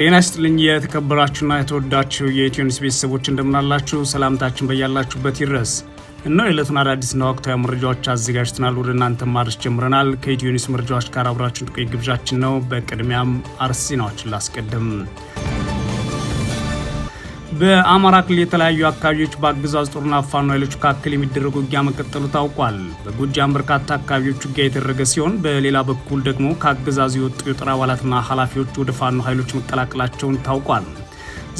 ጤና ይስጥልኝ የተከበራችሁና የተወዳችሁ የኢትዮ ኒውስ ቤተሰቦች እንደምናላችሁ፣ ሰላምታችን በያላችሁበት ይድረስ። እነሆ የዕለቱን አዳዲስና ወቅታዊ መረጃዎች አዘጋጅተናል፣ ወደ እናንተ ማድረስ ጀምረናል። ከኢትዮኒስ መረጃዎች ጋር አብራችሁን ጥቆይ ግብዣችን ነው። በቅድሚያም አርዕስተ ዜናዎችን ላስቀድም። በአማራ ክልል የተለያዩ አካባቢዎች በአገዛዝ ጦርና ፋኖ ኃይሎች መካከል የሚደረጉ ውጊያ መቀጠሉ ታውቋል። በጎጃም በርካታ አካባቢዎች ውጊያ የተደረገ ሲሆን፣ በሌላ በኩል ደግሞ ከአገዛዙ የወጡ የጦር አባላትና ኃላፊዎች ወደ ፋኖ ኃይሎች መቀላቀላቸውን ታውቋል።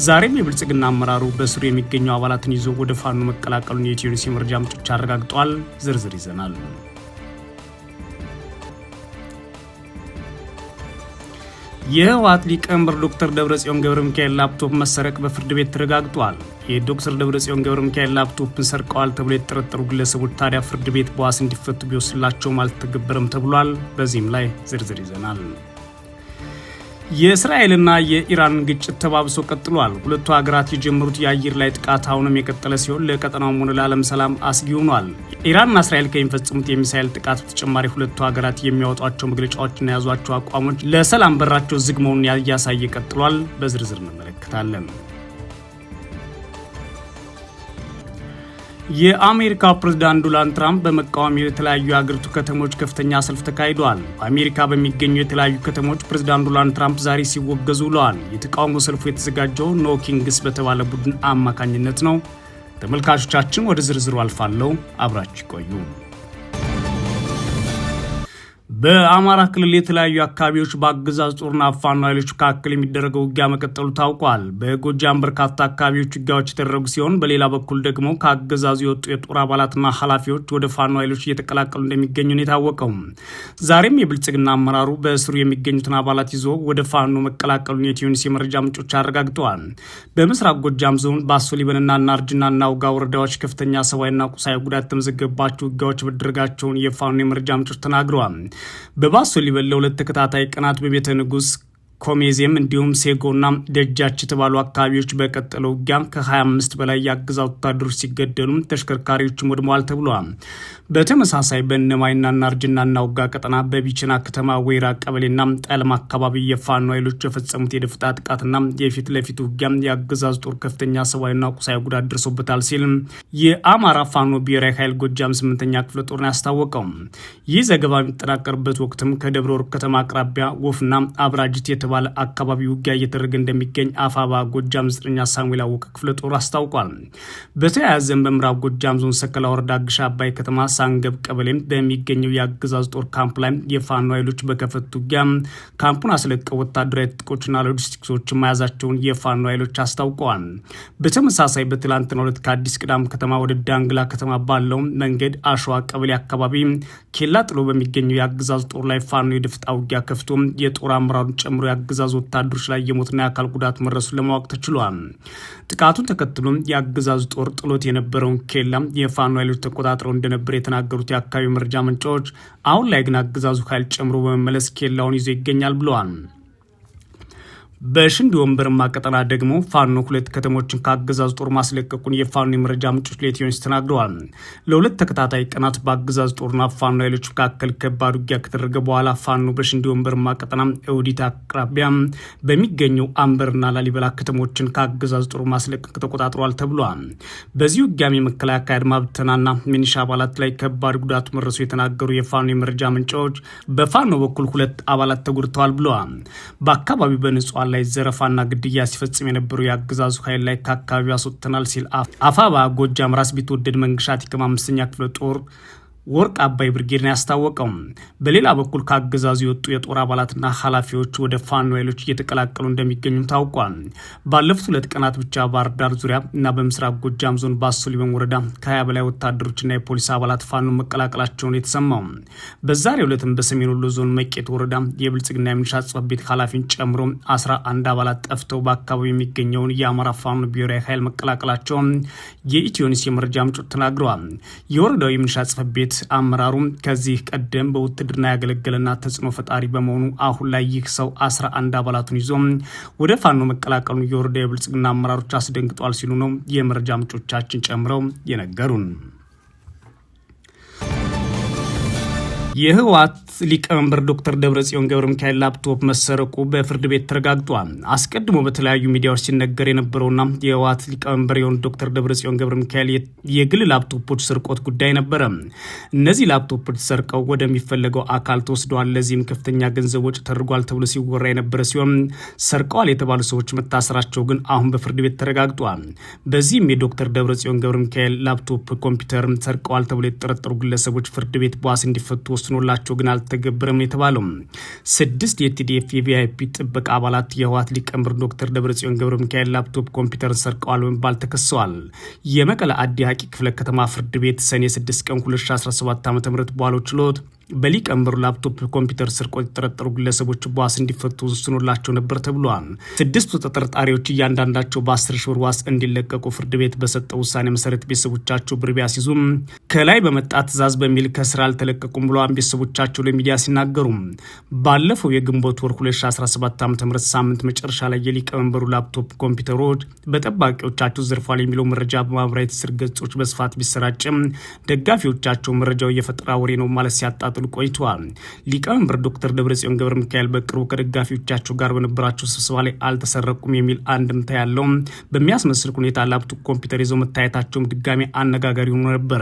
ዛሬም የብልጽግና አመራሩ በስሩ የሚገኙ አባላትን ይዞ ወደ ፋኖ መቀላቀሉን የኢትዮኒውስ መረጃ ምንጮች አረጋግጠዋል። ዝርዝር ይዘናል። የህወሓት ሊቀመንበር ዶክተር ደብረጽዮን ገብረ ሚካኤል ላፕቶፕ መሰረቅ በፍርድ ቤት ተረጋግጧል። የዶክተር ደብረጽዮን ገብረ ሚካኤል ላፕቶፕን ሰርቀዋል ተብሎ የተጠረጠሩ ግለሰቦች ታዲያ ፍርድ ቤት በዋስ እንዲፈቱ ቢወስላቸውም አልተገበረም ተብሏል። በዚህም ላይ ዝርዝር ይዘናል። የእስራኤልና የኢራን ግጭት ተባብሶ ቀጥሏል። ሁለቱ ሀገራት የጀመሩት የአየር ላይ ጥቃት አሁንም የቀጠለ ሲሆን ለቀጠናው ሆነ ለዓለም ሰላም አስጊ ሆኗል። ኢራንና እስራኤል ከሚፈጽሙት የሚሳይል ጥቃት በተጨማሪ ሁለቱ ሀገራት የሚያወጧቸው መግለጫዎችና የያዟቸው አቋሞች ለሰላም በራቸው ዝግ መሆኑን እያሳየ ቀጥሏል። በዝርዝር እንመለከታለን። የአሜሪካ ፕሬዝዳንት ዶናልድ ትራምፕ በመቃወም የተለያዩ የአገሪቱ ከተሞች ከፍተኛ ሰልፍ ተካሂደዋል። በአሜሪካ በሚገኙ የተለያዩ ከተሞች ፕሬዝዳንት ዶናልድ ትራምፕ ዛሬ ሲወገዙ ውለዋል። የተቃውሞ ሰልፉ የተዘጋጀው ኖኪንግስ በተባለ ቡድን አማካኝነት ነው። ተመልካቾቻችን ወደ ዝርዝሩ አልፋለሁ፣ አብራችሁ ይቆዩ። በአማራ ክልል የተለያዩ አካባቢዎች በአገዛዝ ጦርና ፋኖ ኃይሎች መካከል የሚደረገው ውጊያ መቀጠሉ ታውቋል። በጎጃም በርካታ አካባቢዎች ውጊያዎች የተደረጉ ሲሆን፣ በሌላ በኩል ደግሞ ከአገዛዙ የወጡ የጦር አባላትና ኃላፊዎች ወደ ፋኖ ኃይሎች እየተቀላቀሉ እንደሚገኙ ነው የታወቀው። ዛሬም የብልጽግና አመራሩ በእስሩ የሚገኙትን አባላት ይዞ ወደ ፋኖ መቀላቀሉን የቲዩኒስ የመረጃ ምንጮች አረጋግጠዋል። በምስራቅ ጎጃም ዞን ባሶ ሊበንና ናርጅና ናውጋ ወረዳዎች ከፍተኛ ሰብአዊና ቁሳዊ ጉዳት የተመዘገበባቸው ውጊያዎች መደረጋቸውን የፋኖ የመረጃ ምንጮች ተናግረዋል። በባሶ ሊበል ለሁለት ተከታታይ ቀናት በቤተ ንጉስ ኮሜዜም እንዲሁም ሴጎና ደጃች የተባሉ አካባቢዎች በቀጠለው ውጊያ ከ25 በላይ የአገዛዝ ወታደሮች ሲገደሉ ተሽከርካሪዎችም ወድመዋል ተብሏል። በተመሳሳይ በእነማይና ናርጅና እናውጋ ቀጠና በቢችና ከተማ ወይራ ቀበሌና ጠለም አካባቢ የፋኖ ኃይሎች የፈጸሙት የደፍጣ ጥቃትና የፊት ለፊት ውጊያ የአገዛዝ ጦር ከፍተኛ ሰብአዊና ቁሳዊ ጉዳት ደርሶበታል ሲል የአማራ ፋኖ ብሔራዊ ኃይል ጎጃም ስምንተኛ ክፍለ ጦርን ያስታወቀው ይህ ዘገባ የሚጠናቀርበት ወቅትም ከደብረ ወርቅ ከተማ አቅራቢያ ወፍና አብራጅት የተ በተባለ አካባቢ ውጊያ እየተደረገ እንደሚገኝ አፋባ ጎጃም ዘጠነኛ ሳሙኤል አወቀ ክፍለ ጦር አስታውቋል። በተያያዘም በምዕራብ ጎጃም ዞን ሰከላ ወረዳ ግሻ አባይ ከተማ ሳንገብ ቀበሌም በሚገኘው የአገዛዝ ጦር ካምፕ ላይ የፋኖ ኃይሎች በከፈቱ ውጊያ ካምፑን አስለቀው ወታደራዊ ጥቆችና ሎጂስቲክሶች መያዛቸውን የፋኖ ኃይሎች አስታውቀዋል። በተመሳሳይ በትላንትና ሁለት ከአዲስ ቅዳም ከተማ ወደ ዳንግላ ከተማ ባለው መንገድ አሸዋ ቀበሌ አካባቢ ኬላ ጥሎ በሚገኘው የአገዛዝ ጦር ላይ ፋኖ የደፍጣ ውጊያ ከፍቶ የጦር አመራሩን ጨምሮ የአገዛዙ ወታደሮች ላይ የሞትና የአካል ጉዳት መድረሱን ለማወቅ ተችሏል። ጥቃቱን ተከትሎም የአገዛዙ ጦር ጥሎት የነበረውን ኬላም የፋኖ ኃይሎች ተቆጣጥረው እንደነበር የተናገሩት የአካባቢ መረጃ ምንጫዎች አሁን ላይ ግን አገዛዙ ኃይል ጨምሮ በመመለስ ኬላውን ይዞ ይገኛል ብለዋል። በሽንዲ ወንበርማ ቀጠና ደግሞ ፋኖ ሁለት ከተሞችን ከአገዛዝ ጦር ማስለቀቁን የፋኖ የመረጃ ምንጮች ለኢትዮ ተናግረዋል። ለሁለት ተከታታይ ቀናት በአገዛዝ ጦርና ፋኖ ኃይሎች መካከል ከባድ ውጊያ ከተደረገ በኋላ ፋኖ በሽንዲ ወንበርማ ቀጠና እውዲት አቅራቢያ በሚገኘው አንበርና ላሊበላ ከተሞችን ከአገዛዝ ጦር ማስለቀቅ ተቆጣጥሯል ተብሏል። በዚህ ውጊያም የመከላከያ አድማ ብተናና ሚኒሻ አባላት ላይ ከባድ ጉዳት መረሱ የተናገሩ የፋኖ የመረጃ ምንጮች በፋኖ በኩል ሁለት አባላት ተጎድተዋል ብለዋል። በአካባቢው በንጹ ንጹሐን ላይ ዘረፋና ግድያ ሲፈጽም የነበረው የአገዛዙ ኃይል ላይ ከአካባቢው አስወጥተናል ሲል አፋባ ጎጃም ራስ ቢትወደድ መንግሻት ከማ ክፍለ ጦር ወርቅ አባይ ብርጌድ ነው ያስታወቀው። በሌላ በኩል ከአገዛዙ የወጡ የጦር አባላትና ኃላፊዎች ወደ ፋኖ ኃይሎች እየተቀላቀሉ እንደሚገኙም ታውቋል። ባለፉት ሁለት ቀናት ብቻ ባህር ዳር ዙሪያ እና በምስራቅ ጎጃም ዞን ባሶ ሊበን ወረዳ ከሀያ በላይ ወታደሮችና የፖሊስ አባላት ፋኖ መቀላቀላቸውን የተሰማው። በዛሬ ሁለትም በሰሜን ወሎ ዞን መቄት ወረዳ የብልጽግና የምንሻ ጽሕፈት ቤት ኃላፊን ጨምሮ አስራ አንድ አባላት ጠፍተው በአካባቢው የሚገኘውን የአማራ ፋኖ ብሔራዊ ኃይል መቀላቀላቸውን የኢትዮኒስ የመረጃ ምንጮች ተናግረዋል። የወረዳው የምንሻ ጽሕፈት ቤት አመራሩም ከዚህ ቀደም በውትድርና ያገለገለና ተጽዕኖ ፈጣሪ በመሆኑ አሁን ላይ ይህ ሰው አስራ አንድ አባላቱን ይዞ ወደ ፋኖ መቀላቀሉን የወረዳ የብልጽግና አመራሮች አስደንግጧል ሲሉ ነው የመረጃ ምንጮቻችን ጨምረው የነገሩን። የህወሓት ሊቀመንበር ዶክተር ደብረጽዮን ገብረ ሚካኤል ላፕቶፕ መሰረቁ በፍርድ ቤት ተረጋግጧል። አስቀድሞ በተለያዩ ሚዲያዎች ሲነገር የነበረውና የህወሓት ሊቀመንበር የሆኑ ዶክተር ደብረጽዮን ገብረ ሚካኤል የግል ላፕቶፖች ስርቆት ጉዳይ ነበረ። እነዚህ ላፕቶፖች ሰርቀው ወደሚፈለገው አካል ተወስደዋል፣ ለዚህም ከፍተኛ ገንዘብ ወጪ ተደርጓል ተብሎ ሲወራ የነበረ ሲሆን ሰርቀዋል የተባሉ ሰዎች መታሰራቸው ግን አሁን በፍርድ ቤት ተረጋግጧል። በዚህም የዶክተር ደብረጽዮን ገብረ ሚካኤል ላፕቶፕ ኮምፒውተር ሰርቀዋል ተብሎ የተጠረጠሩ ግለሰቦች ፍርድ ቤት በዋስ እንዲፈቱ ወስኖላቸው ግን አልተገበረም የተባለው። ስድስት የቲዲኤፍ የቪአይፒ ጥበቃ አባላት የህወሓት ሊቀመንበር ዶክተር ደብረጽዮን ገብረ ሚካኤል ላፕቶፕ ኮምፒውተርን ሰርቀዋል በመባል ተከሰዋል። የመቀለ አዲ ሀቂ ክፍለ ከተማ ፍርድ ቤት ሰኔ 6 ቀን 2017 ዓ ም በዋለው ችሎት በሊቀመንበሩ ላፕቶፕ ኮምፒውተር ስርቆት የተጠረጠሩ ግለሰቦች በዋስ እንዲፈቱ ወስኖላቸው ነበር ተብሏል። ስድስቱ ተጠርጣሪዎች እያንዳንዳቸው በአስር ሺህ ብር ዋስ እንዲለቀቁ ፍርድ ቤት በሰጠው ውሳኔ መሰረት ቤተሰቦቻቸው ብር ቢያስይዙም ከላይ በመጣ ትዕዛዝ በሚል ከስራ አልተለቀቁም ብለዋል። ቤተሰቦቻቸው ለሚዲያ ሲናገሩ ባለፈው የግንቦት ወር 2017 ዓ ም ሳምንት መጨረሻ ላይ የሊቀመንበሩ ላፕቶፕ ኮምፒውተሮች በጠባቂዎቻቸው ዘርፏል የሚለው መረጃ በማህበራዊ ትስስር ገጾች በስፋት ቢሰራጭም ደጋፊዎቻቸው መረጃው የፈጠራ ወሬ ነው ማለት ሲያጣጥ ሲቀጥል ቆይተዋል። ሊቀመንበር ዶክተር ደብረጽዮን ገብረ ሚካኤል በቅርቡ ከደጋፊዎቻቸው ጋር በነበራቸው ስብሰባ ላይ አልተሰረቁም የሚል አንድምታ ያለው በሚያስመስል ሁኔታ ላፕቶፕ ኮምፒውተር ይዘው መታየታቸውም ድጋሚ አነጋጋሪ ሆኖ ነበር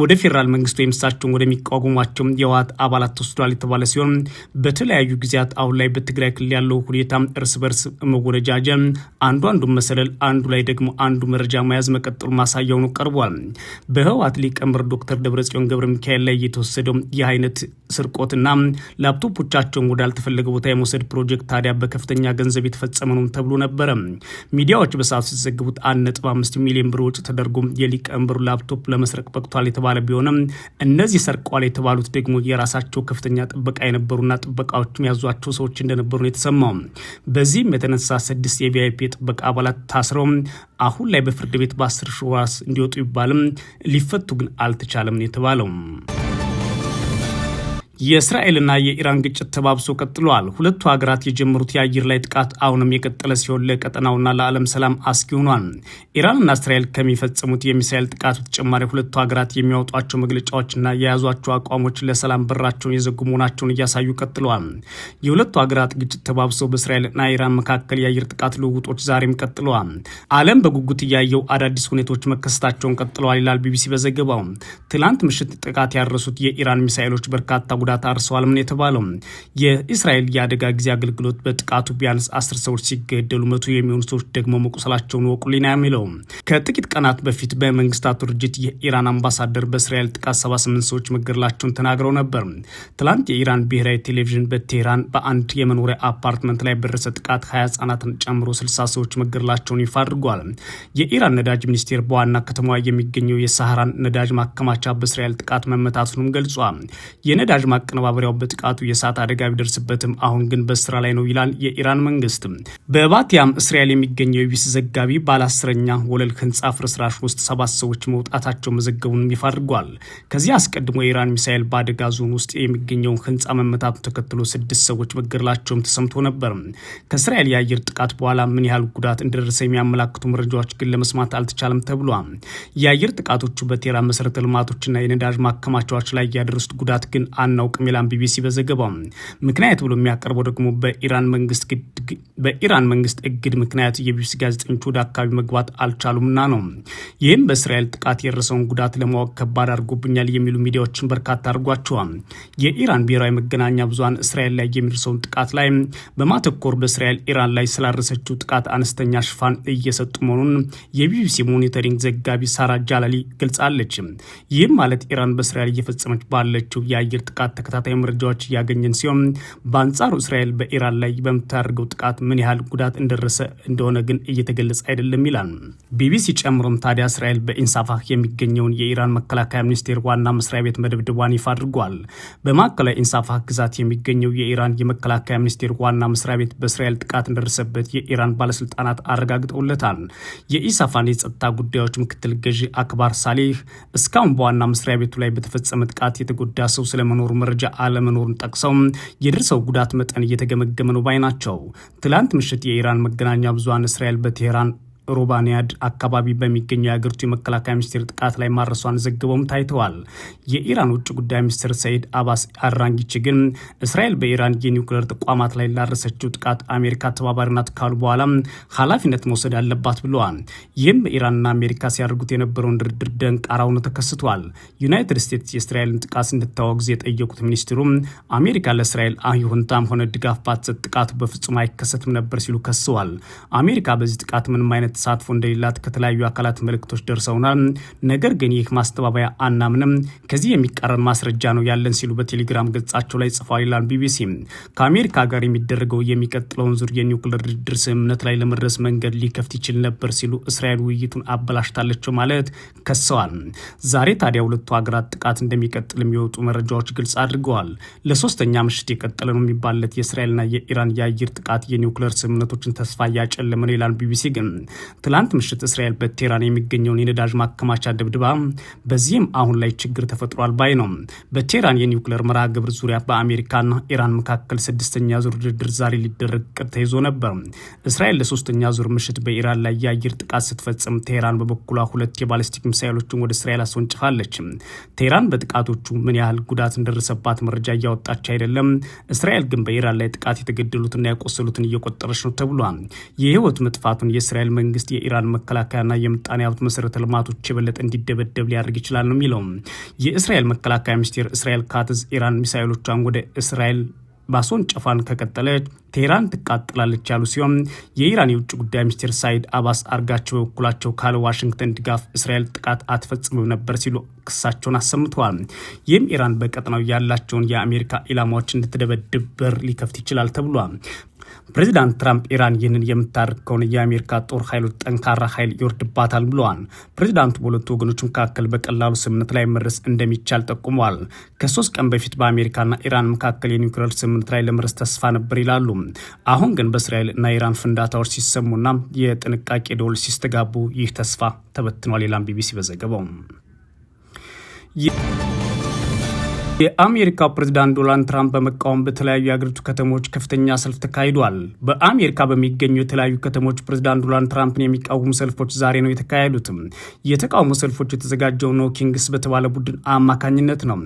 ወደ ፌዴራል መንግስቱ የምሳቸውን ወደሚቋቁሟቸው የህወሓት አባላት ተወስዷል የተባለ ሲሆን በተለያዩ ጊዜያት አሁን ላይ በትግራይ ክልል ያለው ሁኔታ እርስ በርስ መወረጃጀ አንዱ አንዱ መሰለል፣ አንዱ ላይ ደግሞ አንዱ መረጃ መያዝ መቀጠሉ ማሳያ ሆኖ ቀርቧል። በህወሓት ሊቀመንበር ዶክተር ደብረጽዮን ገብረ ሚካኤል ላይ የተወሰደው ይህ አይነት ስርቆትና ላፕቶፖቻቸውን ወዳልተፈለገ ቦታ የመውሰድ ፕሮጀክት ታዲያ በከፍተኛ ገንዘብ የተፈጸመ ነው ተብሎ ነበረ። ሚዲያዎች በሰዓቱ ሲዘግቡት 15 ሚሊዮን ብር ወጪ ተደርጎ የሊቀመንበሩ ላፕቶፕ ለመስረቅ በቅቷል የተባለ ቢሆንም እነዚህ ሰርቋል የተባሉት ደግሞ የራሳቸው ከፍተኛ ጥበቃ የነበሩና ጥበቃዎችም ያዟቸው ሰዎች እንደነበሩ ነው የተሰማው። በዚህም የተነሳ ስድስት የቪአይፒ የጥበቃ አባላት ታስረው አሁን ላይ በፍርድ ቤት በአስር ሺህ ዋስ እንዲወጡ ይባልም ሊፈቱ ግን አልተቻለም ነው የተባለው። የእስራኤልና የኢራን ግጭት ተባብሶ ቀጥሏል። ሁለቱ ሀገራት የጀመሩት የአየር ላይ ጥቃት አሁንም የቀጠለ ሲሆን ለቀጠናውና ለዓለም ሰላም አስጊ ሆኗል። ኢራንና እስራኤል ከሚፈጽሙት የሚሳኤል ጥቃት በተጨማሪ ሁለቱ ሀገራት የሚያወጧቸው መግለጫዎችና የያዟቸው አቋሞች ለሰላም በራቸውን የዘጉ መሆናቸውን እያሳዩ ቀጥለዋል። የሁለቱ ሀገራት ግጭት ተባብሶ በእስራኤልና ኢራን መካከል የአየር ጥቃት ልውውጦች ዛሬም ቀጥለዋል። ዓለም በጉጉት እያየው አዳዲስ ሁኔታዎች መከሰታቸውን ቀጥለዋል ይላል ቢቢሲ በዘገባው። ትላንት ምሽት ጥቃት ያደረሱት የኢራን ሚሳኤሎች በርካታ ጉዳ ጉዳት አርሰዋልም ነው የተባለው። የእስራኤል የአደጋ ጊዜ አገልግሎት በጥቃቱ ቢያንስ አስር ሰዎች ሲገደሉ መቶ የሚሆኑ ሰዎች ደግሞ መቁሰላቸውን ወቁሊና የሚለው ከጥቂት ቀናት በፊት በመንግስታቱ ድርጅት የኢራን አምባሳደር በእስራኤል ጥቃት 78 ሰዎች መገደላቸውን ተናግረው ነበር። ትላንት የኢራን ብሔራዊ ቴሌቪዥን በቴህራን በአንድ የመኖሪያ አፓርትመንት ላይ በደረሰ ጥቃት ሀያ ህጻናትን ጨምሮ ስልሳ ሰዎች መገደላቸውን ይፋ አድርጓል። የኢራን ነዳጅ ሚኒስቴር በዋና ከተማዋ የሚገኘው የሳህራን ነዳጅ ማከማቻ በእስራኤል ጥቃት መመታቱንም ገልጿል። የነዳጅ ማቀነባበሪያው በጥቃቱ የእሳት አደጋ ቢደርስበትም አሁን ግን በስራ ላይ ነው ይላል የኢራን መንግስት። በባቲያም እስራኤል የሚገኘው የቢስ ዘጋቢ ባለ አስረኛ ወለል ህንፃ ፍርስራሽ ውስጥ ሰባት ሰዎች መውጣታቸው መዘገቡን ይፋ አድርጓል። ከዚህ አስቀድሞ የኢራን ሚሳኤል በአደጋ ዞን ውስጥ የሚገኘውን ህንፃ መመታቱ ተከትሎ ስድስት ሰዎች መገደላቸውም ተሰምቶ ነበር። ከእስራኤል የአየር ጥቃት በኋላ ምን ያህል ጉዳት እንደደረሰ የሚያመላክቱ መረጃዎች ግን ለመስማት አልተቻለም ተብሏል። የአየር ጥቃቶቹ በቴራ መሰረተ ልማቶችና የነዳጅ ማከማቻዎች ላይ ያደረሱት ጉዳት ግን አና እንደምናውቅም ይላል ቢቢሲ በዘገባው። ምክንያት ብሎ የሚያቀርበው ደግሞ በኢራን መንግስት እግድ ምክንያት የቢቢሲ ጋዜጠኞች ወደ አካባቢ መግባት አልቻሉምና ነው። ይህም በእስራኤል ጥቃት የደረሰውን ጉዳት ለማወቅ ከባድ አድርጎብኛል የሚሉ ሚዲያዎችን በርካታ አድርጓቸዋል። የኢራን ብሔራዊ መገናኛ ብዙን እስራኤል ላይ የሚደርሰውን ጥቃት ላይ በማተኮር በእስራኤል ኢራን ላይ ስላደረሰችው ጥቃት አነስተኛ ሽፋን እየሰጡ መሆኑን የቢቢሲ ሞኒተሪንግ ዘጋቢ ሳራ ጃላሊ ገልጻለች። ይህም ማለት ኢራን በእስራኤል እየፈጸመች ባለችው የአየር ጥቃት ሰዓት ተከታታይ መረጃዎች እያገኘን ሲሆን በአንጻሩ እስራኤል በኢራን ላይ በምታደርገው ጥቃት ምን ያህል ጉዳት እንደደረሰ እንደሆነ ግን እየተገለጸ አይደለም ይላል ቢቢሲ። ጨምሮም ታዲያ እስራኤል በኢንሳፋህ የሚገኘውን የኢራን መከላከያ ሚኒስቴር ዋና መስሪያ ቤት መደብደቧን ይፋ አድርጓል። በማዕከላዊ ኢንሳፋህ ግዛት የሚገኘው የኢራን የመከላከያ ሚኒስቴር ዋና መስሪያ ቤት በእስራኤል ጥቃት እንደደረሰበት የኢራን ባለስልጣናት አረጋግጠውለታል። የኢሳፋን የጸጥታ ጉዳዮች ምክትል ገዢ አክባር ሳሌህ እስካሁን በዋና መስሪያ ቤቱ ላይ በተፈጸመ ጥቃት የተጎዳ ሰው ስለመኖሩ መረጃ አለመኖሩን ጠቅሰው የደረሰው ጉዳት መጠን እየተገመገመ ነው ባይ ናቸው። ትላንት ምሽት የኢራን መገናኛ ብዙሃን እስራኤል በቴህራን ሮባንያድ አካባቢ በሚገኘው የአገሪቱ የመከላከያ ሚኒስቴር ጥቃት ላይ ማድረሷን ዘግበውም ታይተዋል። የኢራን ውጭ ጉዳይ ሚኒስትር ሰይድ አባስ አራንጊች ግን እስራኤል በኢራን የኒውክሌር ተቋማት ላይ ላደረሰችው ጥቃት አሜሪካ ተባባሪ ናት ካሉ በኋላ ኃላፊነት መውሰድ አለባት ብለዋል። ይህም በኢራንና አሜሪካ ሲያደርጉት የነበረውን ድርድር ደንቃራ ሆኖ ተከስቷል። ዩናይትድ ስቴትስ የእስራኤልን ጥቃት እንድታወግዝ የጠየቁት ሚኒስትሩም አሜሪካ ለእስራኤል ይሁንታም ሆነ ድጋፍ ባትሰጥ ጥቃቱ በፍጹም አይከሰትም ነበር ሲሉ ከሰዋል። አሜሪካ በዚህ ጥቃት ምንም አይነት አይነት ተሳትፎ እንደሌላት ከተለያዩ አካላት መልእክቶች ደርሰውናል። ነገር ግን ይህ ማስተባበያ አናምንም፣ ከዚህ የሚቃረን ማስረጃ ነው ያለን ሲሉ በቴሌግራም ገጻቸው ላይ ጽፏል ይላል ቢቢሲ። ከአሜሪካ ጋር የሚደረገው የሚቀጥለውን ዙር የኒውክሌር ድርድር ስምምነት ላይ ለመድረስ መንገድ ሊከፍት ይችል ነበር ሲሉ እስራኤል ውይይቱን አበላሽታለቸው ማለት ከሰዋል። ዛሬ ታዲያ ሁለቱ ሀገራት ጥቃት እንደሚቀጥል የሚወጡ መረጃዎች ግልጽ አድርገዋል። ለሶስተኛ ምሽት የቀጠለ ነው የሚባልለት የእስራኤልና የኢራን የአየር ጥቃት የኒውክሌር ስምምነቶችን ተስፋ እያጨለመ ነው ይላል ቢቢሲ ግን ትላንት ምሽት እስራኤል በቴህራን የሚገኘውን የነዳጅ ማከማቻ ድብድባ በዚህም አሁን ላይ ችግር ተፈጥሯል ባይ ነው። በቴህራን የኒውክሌር መርሃ ግብር ዙሪያ በአሜሪካና ኢራን መካከል ስድስተኛ ዙር ድርድር ዛሬ ሊደረግ ቅድ ተይዞ ነበር። እስራኤል ለሶስተኛ ዙር ምሽት በኢራን ላይ የአየር ጥቃት ስትፈጽም፣ ቴህራን በበኩሏ ሁለት የባለስቲክ ሚሳይሎችን ወደ እስራኤል አስወንጭፋለች። ቴህራን በጥቃቶቹ ምን ያህል ጉዳት እንደደረሰባት መረጃ እያወጣች አይደለም። እስራኤል ግን በኢራን ላይ ጥቃት የተገደሉትና ያቆሰሉትን እየቆጠረች ነው ተብሏል። የህይወት መጥፋቱን የእስራኤል መንግስት መንግስት የኢራን መከላከያና የምጣኔ ሀብት መሰረተ ልማቶች የበለጠ እንዲደበደብ ሊያደርግ ይችላል ነው የሚለው። የእስራኤል መከላከያ ሚኒስቴር እስራኤል ካትዝ ኢራን ሚሳይሎቿን ወደ እስራኤል ባሶን ጨፋን ከቀጠለች ቴህራን ትቃጥላለች ያሉ ሲሆን የኢራን የውጭ ጉዳይ ሚኒስትር ሳይድ አባስ አርጋቸው በበኩላቸው ካለ ዋሽንግተን ድጋፍ እስራኤል ጥቃት አትፈጽምም ነበር ሲሉ ክሳቸውን አሰምተዋል። ይህም ኢራን በቀጠናው ያላቸውን የአሜሪካ ኢላማዎች እንድትደበድብ በር ሊከፍት ይችላል ተብሏል። ፕሬዚዳንት ትራምፕ ኢራን ይህንን የምታደርግ ከሆነ የአሜሪካ ጦር ኃይሎች ጠንካራ ኃይል ይወርድባታል ብለዋል። ፕሬዚዳንቱ በሁለቱ ወገኖች መካከል በቀላሉ ስምምነት ላይ መድረስ እንደሚቻል ጠቁመዋል። ከሶስት ቀን በፊት በአሜሪካና ኢራን መካከል የኒውክሌር ስምምነት ላይ ለመድረስ ተስፋ ነበር ይላሉ። አሁን ግን በእስራኤል እና ኢራን ፍንዳታዎች ሲሰሙና የጥንቃቄ ደወል ሲስተጋቡ ይህ ተስፋ ተበትኗል። ሌላም ቢቢሲ በዘገባው የአሜሪካ ፕሬዝዳንት ዶናልድ ትራምፕ በመቃወም በተለያዩ የአገሪቱ ከተሞች ከፍተኛ ሰልፍ ተካሂዷል። በአሜሪካ በሚገኙ የተለያዩ ከተሞች ፕሬዝዳንት ዶናልድ ትራምፕን የሚቃወሙ ሰልፎች ዛሬ ነው የተካሄዱትም። የተቃውሞ ሰልፎች የተዘጋጀው ኖ ኪንግስ በተባለ ቡድን አማካኝነት ነው።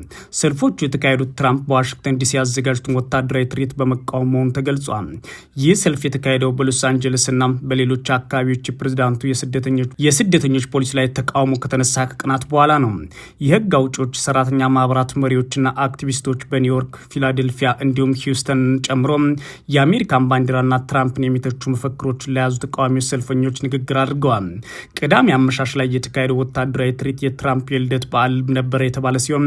ሰልፎቹ የተካሄዱት ትራምፕ በዋሽንግተን ዲሲ ያዘጋጁትን ወታደራዊ ትርኢት በመቃወም መሆኑ ተገልጿል። ይህ ሰልፍ የተካሄደው በሎስ አንጀለስ እና በሌሎች አካባቢዎች ፕሬዝዳንቱ የስደተኞች ፖሊሲ ላይ ተቃውሞ ከተነሳ ከቀናት በኋላ ነው። የህግ አውጪዎች፣ ሰራተኛ ማህበራት መሪዎች ተቃዋሚዎችና አክቲቪስቶች በኒውዮርክ፣ ፊላዴልፊያ እንዲሁም ሂውስተን ጨምሮ የአሜሪካን ባንዲራና ትራምፕን የሚተቹ መፈክሮችን ለያዙ ተቃዋሚ ሰልፈኞች ንግግር አድርገዋል። ቅዳሜ አመሻሽ ላይ የተካሄደ ወታደራዊ ትርኢት የትራምፕ የልደት በዓል ነበረ የተባለ ሲሆን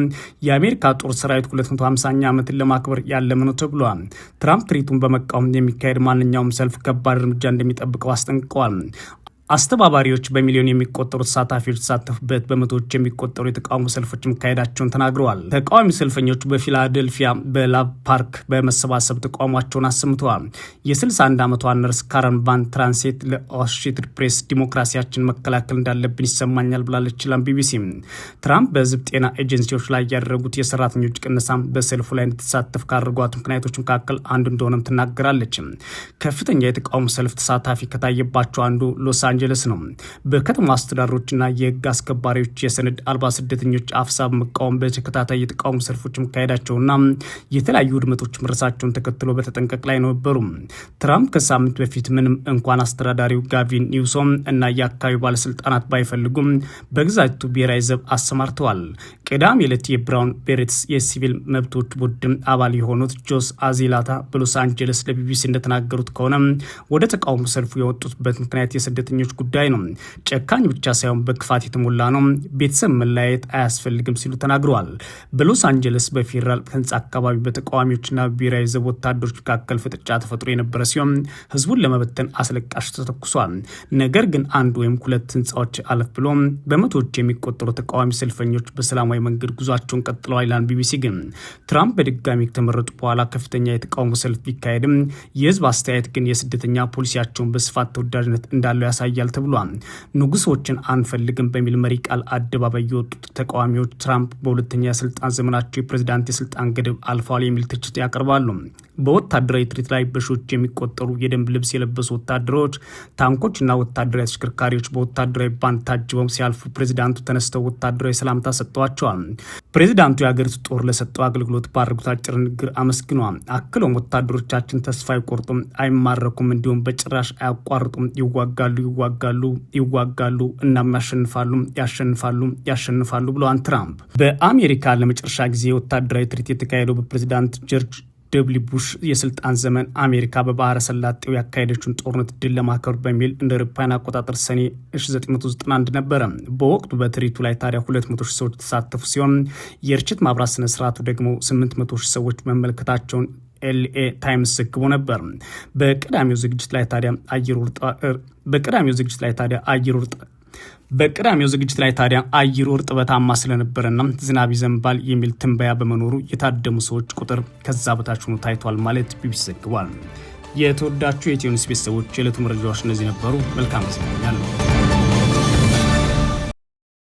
የአሜሪካ ጦር ሰራዊት 250ኛ ዓመትን ለማክበር ያለመ ነው ተብሏል። ትራምፕ ትርኢቱን በመቃወም የሚካሄድ ማንኛውም ሰልፍ ከባድ እርምጃ እንደሚጠብቀው አስጠንቅቀዋል። አስተባባሪዎች በሚሊዮን የሚቆጠሩ ተሳታፊዎች የተሳተፉበት በመቶዎች የሚቆጠሩ የተቃውሞ ሰልፎች መካሄዳቸውን ተናግረዋል። ተቃዋሚ ሰልፈኞች በፊላደልፊያ በላቭ ፓርክ በመሰባሰብ ተቃውሟቸውን አሰምተዋል። የ61 ዓመቷ ነርስ ካረን ቫን ትራንሴት ለአሶሼትድ ፕሬስ ዲሞክራሲያችን መከላከል እንዳለብን ይሰማኛል ብላለች። ላም ቢቢሲ ትራምፕ በህዝብ ጤና ኤጀንሲዎች ላይ ያደረጉት የሰራተኞች ቅነሳም በሰልፉ ላይ እንድትሳተፍ ካደረጓት ምክንያቶች መካከል አንዱ እንደሆነም ትናገራለች። ከፍተኛ የተቃውሞ ሰልፍ ተሳታፊ ከታየባቸው አንዱ ሎስ አንጀለስ ነው። በከተማ አስተዳደሮችና የህግ አስከባሪዎች የሰነድ አልባ ስደተኞች አፍሳብ መቃወም በተከታታይ የተቃውሞ ሰልፎች መካሄዳቸውና የተለያዩ ውድመቶች መድረሳቸውን ተከትሎ በተጠንቀቅ ላይ ነበሩ። ትራምፕ ከሳምንት በፊት ምንም እንኳን አስተዳዳሪው ጋቪን ኒውሶም እና የአካባቢው ባለስልጣናት ባይፈልጉም በግዛቱ ብሔራዊ ዘብ አሰማርተዋል። ቅዳሜ ዕለት የብራውን ቤሬትስ የሲቪል መብቶች ቡድን አባል የሆኑት ጆስ አዚላታ በሎስ አንጀለስ ለቢቢሲ እንደተናገሩት ከሆነ ወደ ተቃውሞ ሰልፉ የወጡበት ምክንያት የስደተኞች ጉዳይ ነው። ጨካኝ ብቻ ሳይሆን በክፋት የተሞላ ነው። ቤተሰብ መለያየት አያስፈልግም ሲሉ ተናግረዋል። በሎስ አንጀለስ በፌዴራል ህንፃ አካባቢ በተቃዋሚዎችና ብሔራዊ ዘብ ወታደሮች መካከል ፍጥጫ ተፈጥሮ የነበረ ሲሆን ህዝቡን ለመበተን አስለቃሽ ተተኩሷል። ነገር ግን አንድ ወይም ሁለት ህንፃዎች አለፍ ብሎ በመቶዎች የሚቆጠሩ ተቃዋሚ ሰልፈኞች በሰላማዊ በሰላማዊ መንገድ ጉዟቸውን ቀጥለዋል ይላል ቢቢሲ። ግን ትራምፕ በድጋሚ ከተመረጡ በኋላ ከፍተኛ የተቃውሞ ሰልፍ ቢካሄድም የህዝብ አስተያየት ግን የስደተኛ ፖሊሲያቸውን በስፋት ተወዳጅነት እንዳለው ያሳያል ተብሏል። ንጉሶችን አንፈልግም በሚል መሪ ቃል አደባባይ የወጡት ተቃዋሚዎች ትራምፕ በሁለተኛ የስልጣን ዘመናቸው የፕሬዚዳንት የስልጣን ገደብ አልፈዋል የሚል ትችት ያቀርባሉ። በወታደራዊ ትርኢት ላይ በሺዎች የሚቆጠሩ የደንብ ልብስ የለበሱ ወታደሮች፣ ታንኮችና ወታደራዊ ተሽከርካሪዎች በወታደራዊ ባንድ ታጅበው ሲያልፉ ፕሬዚዳንቱ ተነስተው ወታደራዊ ሰላምታ ሰጥተዋቸዋል። ፕሬዚዳንቱ የሀገሪቱ ጦር ለሰጠው አገልግሎት ባደረጉት አጭር ንግግር አመስግነዋል። አክለውም ወታደሮቻችን ተስፋ አይቆርጡም፣ አይማረኩም፣ እንዲሁም በጭራሽ አያቋርጡም። ይዋጋሉ፣ ይዋጋሉ፣ ይዋጋሉ፣ እናም ያሸንፋሉ፣ ያሸንፋሉ፣ ያሸንፋሉ ብለዋል። ትራምፕ በአሜሪካ ለመጨረሻ ጊዜ ወታደራዊ ትርኢት የተካሄደው በፕሬዚዳንት ጆርጅ ደብሊ ቡሽ የስልጣን ዘመን አሜሪካ በባህረ ሰላጤው ያካሄደችውን ጦርነት ድል ለማክበር በሚል እንደ አውሮፓውያን አቆጣጠር ሰኔ 1991 ነበረ። በወቅቱ በትርኢቱ ላይ ታዲያ 200 ሺህ ሰዎች የተሳተፉ ሲሆን የርችት ማብራት ስነስርዓቱ ደግሞ 800 ሺህ ሰዎች መመልከታቸውን ኤልኤ ታይምስ ዘግቦ ነበር። በቀዳሚው ዝግጅት ላይ ታዲያ አየር በቀዳሚው ዝግጅት ላይ ታዲያ አየር በቅዳሜው ዝግጅት ላይ ታዲያ አየሩ እርጥበታማ ስለነበረና ዝናብ ይዘንባል የሚል ትንበያ በመኖሩ የታደሙ ሰዎች ቁጥር ከዛ በታች ሆኖ ታይቷል ማለት ቢቢሲ ዘግቧል። የተወዳችሁ የኢትዮ ኒውስ ቤተሰቦች የዕለቱ መረጃዎች እነዚህ ነበሩ። መልካም ዜናኛለሁ።